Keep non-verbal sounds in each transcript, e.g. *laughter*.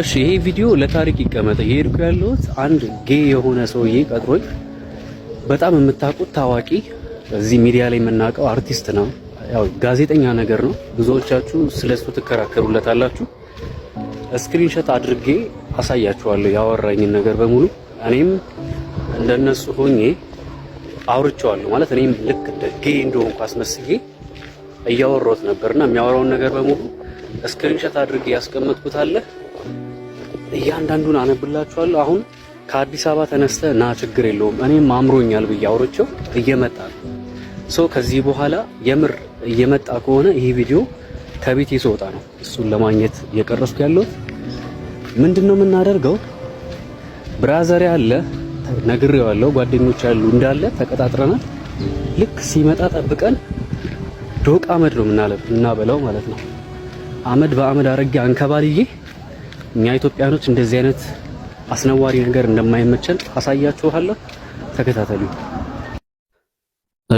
እሺ ይሄ ቪዲዮ ለታሪክ ይቀመጥ። የሄድኩ ያለሁት አንድ ጌ የሆነ ሰውዬ ቀጥሮኝ፣ በጣም የምታውቁት ታዋቂ እዚህ ሚዲያ ላይ የምናውቀው አርቲስት ነው። ያው ጋዜጠኛ ነገር ነው። ብዙዎቻችሁ ስለሱ ትከራከሩለታላችሁ። ስክሪንሾት አድርጌ አሳያችኋለሁ ያወራኝን ነገር በሙሉ። እኔም እንደነሱ ሆኜ አውርቼዋለሁ ማለት እኔም ልክ እንደ ጌ እንደሆንኩ አስመስዬ እያወራሁት ነበርና የሚያወራውን ነገር በሙሉ እስክሪንሾት አድርጌ ያስቀመጥኩት አለ። እያንዳንዱን አነብላችኋለሁ። አሁን ከአዲስ አበባ ተነስተ ና፣ ችግር የለውም እኔም አምሮኛል ብዬ አውርቼው እየመጣ ነው ከዚህ በኋላ የምር እየመጣ ከሆነ ይህ ቪዲዮ ከቤት ስወጣ ነው እሱን ለማግኘት እየቀረስኩ ያለሁት። ምንድን ነው የምናደርገው? ብራዘር ያለ ነግሬዋለሁ፣ ጓደኞች ያሉ እንዳለ ተቀጣጥረናል። ልክ ሲመጣ ጠብቀን ዶቅ አመድ ነው የምናበላው ማለት ነው። አመድ በአመድ አረጌ አንከባልዬ እኛ ኢትዮጵያኖች እንደዚህ አይነት አስነዋሪ ነገር እንደማይመቸን አሳያችኋለሁ። ተከታተሉ።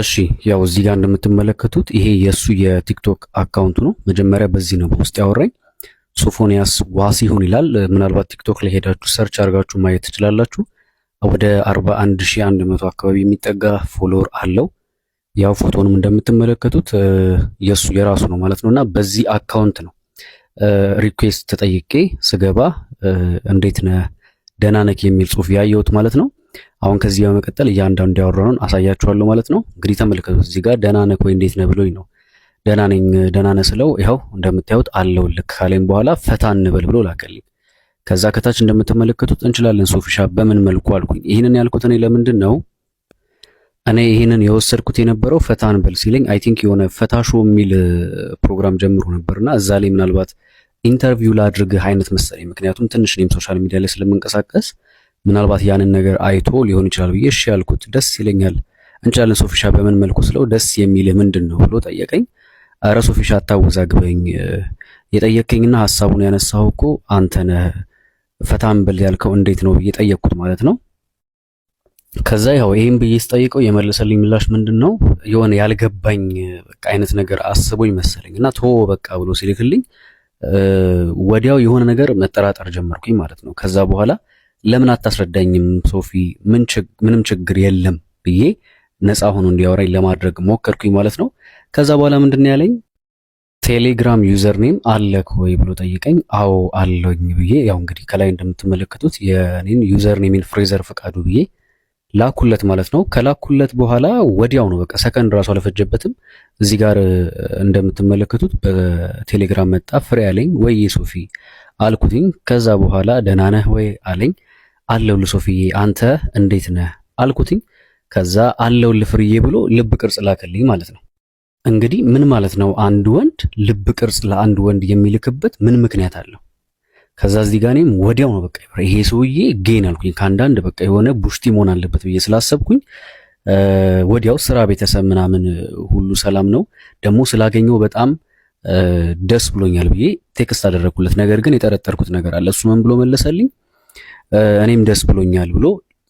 እሺ ያው እዚህ ጋር እንደምትመለከቱት ይሄ የእሱ የቲክቶክ አካውንቱ ነው። መጀመሪያ በዚህ ነው በውስጥ ያወራኝ። ሶፎንያስ ዋሲሁን ይላል። ምናልባት ቲክቶክ ላይ ሄዳችሁ ሰርች አድርጋችሁ ማየት ትችላላችሁ። ወደ 41100 አካባቢ የሚጠጋ ፎሎወር አለው። ያው ፎቶንም እንደምትመለከቱት የሱ የራሱ ነው ማለት ነው እና በዚህ አካውንት ነው ሪኩዌስት ተጠይቄ ስገባ እንዴት ነ ደህና ነህ የሚል ጽሁፍ ያየሁት ማለት ነው። አሁን ከዚህ በመቀጠል እያንዳንዱ ያወራነውን አሳያችኋለሁ ማለት ነው። እንግዲህ ተመልከቱት እዚህ ጋር ደህና ነህ ወይ እንዴት ነ ብሎኝ ነው። ደህና ነኝ ደህና ነህ ስለው ይኸው እንደምታዩት አለው ልክ ካለኝ በኋላ ፈታ እንበል ብሎ ላከልኝ። ከዛ ከታች እንደምትመለከቱት እንችላለን ሶፊሻ በምን መልኩ አልኩኝ። ይህንን ያልኩት እኔ ለምንድን ነው እኔ ይህንን የወሰድኩት የነበረው ፈታን በል ሲለኝ አይ ቲንክ የሆነ ፈታሾ የሚል ፕሮግራም ጀምሮ ነበርና እዛ ላይ ምናልባት ኢንተርቪው ላድርግህ አይነት መሰለኝ። ምክንያቱም ትንሽ እኔም ሶሻል ሚዲያ ላይ ስለምንቀሳቀስ ምናልባት ያንን ነገር አይቶ ሊሆን ይችላል ብዬ እሺ ያልኩት። ደስ ይለኛል እንችላለን ሶፊሻ በምን መልኩ ስለው ደስ የሚልህ ምንድን ነው ብሎ ጠየቀኝ። አረ ሶፊሻ አታወዛግበኝ፣ የጠየቀኝና ሀሳቡን ያነሳው እኮ አንተ ፈታን በል ያልከው እንዴት ነው ብዬ ጠየቅኩት ማለት ነው። ከዛ ያው ይሄን ብዬ ስጠይቀው የመለሰልኝ ምላሽ ምንድን ነው የሆነ ያልገባኝ በቃ አይነት ነገር አስቦኝ መሰለኝ እና ቶ በቃ ብሎ ሲልክልኝ ወዲያው የሆነ ነገር መጠራጠር ጀመርኩኝ ማለት ነው። ከዛ በኋላ ለምን አታስረዳኝም ሶፊ፣ ምንም ችግር የለም ብዬ ነፃ ሆኖ እንዲያወራኝ ለማድረግ ሞከርኩኝ ማለት ነው። ከዛ በኋላ ምንድን ነው ያለኝ ቴሌግራም ዩዘር ኔም አለክ ወይ ብሎ ጠይቀኝ። አዎ አለኝ ብዬ ያው እንግዲህ ከላይ እንደምትመለከቱት የኔን ዩዘር ኔሜን ፍሬዘር ፈቃዱ ብዬ ላኩለት ማለት ነው። ከላኩለት በኋላ ወዲያው ነው በቃ ሰከንድ ራሱ አልፈጀበትም። እዚህ ጋር እንደምትመለከቱት በቴሌግራም መጣ ፍሬ አለኝ ወይ ሶፊ አልኩትኝ። ከዛ በኋላ ደህና ነህ ወይ አለኝ። አለውል ሶፊዬ አንተ እንዴት ነህ አልኩትኝ። ከዛ አለውል ፍርዬ ብሎ ልብ ቅርጽ ላከልኝ ማለት ነው። እንግዲህ ምን ማለት ነው? አንድ ወንድ ልብ ቅርጽ ለአንድ ወንድ የሚልክበት ምን ምክንያት አለው? ከዛ እዚህ ጋር እኔም ወዲያው ነው በቃ ይሄ ሰውዬ ጌን አልኩኝ። ከአንዳንድ በቃ የሆነ ቡሽቲ መሆን አለበት ብዬ ስላሰብኩኝ ወዲያው ስራ፣ ቤተሰብ ምናምን ሁሉ ሰላም ነው። ደግሞ ስላገኘው በጣም ደስ ብሎኛል ብዬ ቴክስት አደረግኩለት። ነገር ግን የጠረጠርኩት ነገር አለ። እሱ ምን ብሎ መለሰልኝ? እኔም ደስ ብሎኛል ብሎ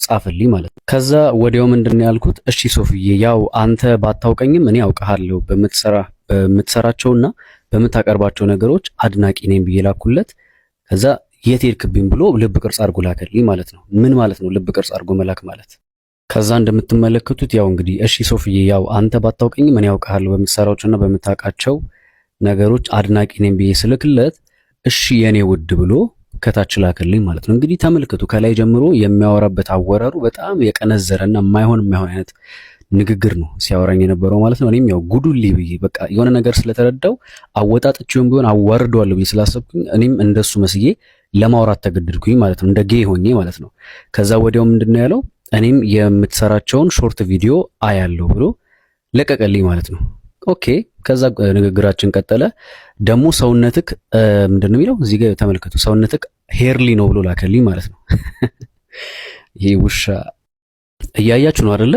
ጻፈልኝ ማለት ነው። ከዛ ወዲያው ምንድን ያልኩት? እሺ ሶፍዬ፣ ያው አንተ ባታውቀኝም እኔ አውቀሃለሁ በምትሰራ በምትሰራቸውና በምታቀርባቸው ነገሮች አድናቂ ነኝ ብዬ ላኩለት። ከዛ የት ሄድክብኝ ብሎ ልብ ቅርጽ አድርጎ ላከልኝ ማለት ነው። ምን ማለት ነው ልብ ቅርጽ አድርጎ መላክ ማለት? ከዛ እንደምትመለከቱት ያው እንግዲህ እሺ ሶፍዬ፣ ያው አንተ ባታውቀኝ ምን አውቅሃለሁ በምትሰራዎችና በምታውቃቸው ነገሮች አድናቂ ነኝ ብዬ ስልክለት እሺ የኔ ውድ ብሎ ከታች ላከልኝ ማለት ነው። እንግዲህ ተመልከቱ፣ ከላይ ጀምሮ የሚያወራበት አወራሩ በጣም የቀነዘረና የማይሆን የማይሆን አይነት ንግግር ነው ሲያወራኝ የነበረው ማለት ነው። እኔም ያው ጉዱሌ ብዬ በቃ የሆነ ነገር ስለተረዳው አወጣጥቼውም ቢሆን አዋርደዋለሁ ብዬ ስላሰብኩኝ እኔም እንደሱ መስዬ ለማውራት ተገደድኩኝ ማለት ነው፣ እንደ ጌ ሆኜ ማለት ነው። ከዛ ወዲያው ምንድን ነው ያለው እኔም የምትሰራቸውን ሾርት ቪዲዮ አያለሁ ብሎ ለቀቀልኝ ማለት ነው። ኦኬ ከዛ ንግግራችን ቀጠለ። ደግሞ ሰውነትክ ምንድን ነው የሚለው እዚህ ጋር ተመልከቱ። ሰውነትክ ሄርሊ ነው ብሎ ላከልኝ ማለት ነው። *laughs* ይህ ውሻ እያያችሁ ነው አደለ?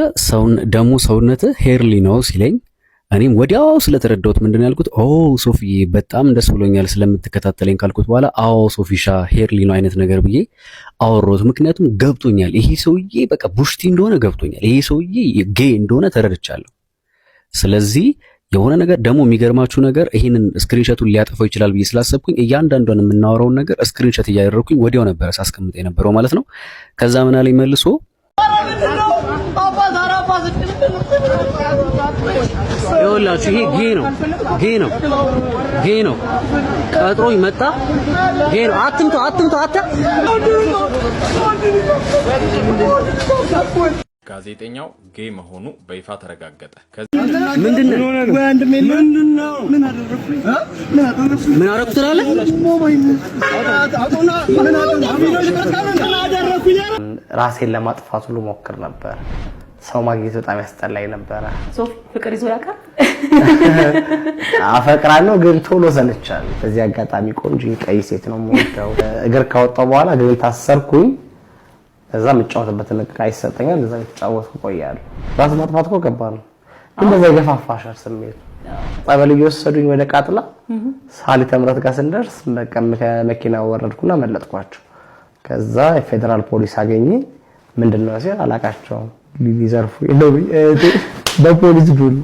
ደሙ ሰውነት ሄርሊ ነው ሲለኝ እኔም ወዲያው ስለተረዳሁት ምንድን ያልኩት ኦ ሶፍዬ በጣም ደስ ብሎኛል ስለምትከታተለኝ ካልኩት በኋላ አዎ ሶፊሻ ሄርሊ ነው አይነት ነገር ብዬ አወሮት። ምክንያቱም ገብቶኛል፣ ይሄ ሰውዬ በቃ ቡሽቲ እንደሆነ ገብቶኛል፣ ይሄ ሰውዬ ጌ እንደሆነ ተረድቻለሁ። ስለዚህ የሆነ ነገር ደግሞ የሚገርማችሁ ነገር ይህንን ስክሪንሸቱን ሊያጠፋው ይችላል ብዬ ስላሰብኩኝ እያንዳንዷን የምናወራውን ነገር ስክሪንሸት እያደረግኩኝ ወዲያው ነበረ ሳስቀምጥ የነበረው ማለት ነው። ከዛ ምናለኝ መልሶ ይኸውላችሁ ይሄ ጌ ነው ጌ ነው ጌ ነው። ቀጥሮኝ መጣ ጌ ነው። አትምቶ አትምቶ አታ ጋዜጠኛው ጌ መሆኑ በይፋ ተረጋገጠ። ምን አደረኩ ትላለህ? ራሴን ለማጥፋት ሁሉ ሞክር ነበር። ሰው ማግኘት በጣም ያስጠላኝ ነበረ። ፍቅር ይዞ ያውቃል። አፈቅራለሁ ግን ቶሎ ሰለቻለሁ። በዚህ አጋጣሚ ቆንጆ ቀይ ሴት ነው የምወደው። እግር ካወጣሁ በኋላ ግን ታሰርኩኝ። እዛ የምጫወትበት ዕቃ ይሰጠኛል። እዛ የተጫወትኩ ቆያለሁ። ራስ ማጥፋት እኮ ገባ ነው። እንደዛ ይገፋፋሻል ስሜቱ። ጸበል እየወሰዱኝ ወደ ቃጥላ ሳሊ ምሕረት ጋር ስንደርስ መኪና ወረድኩና መለጥኳቸው። ከዛ የፌዴራል ፖሊስ አገኘ። ምንድነው ሲል አላቃቸውም ሊዘርፉ ነው በፖሊስ ዱል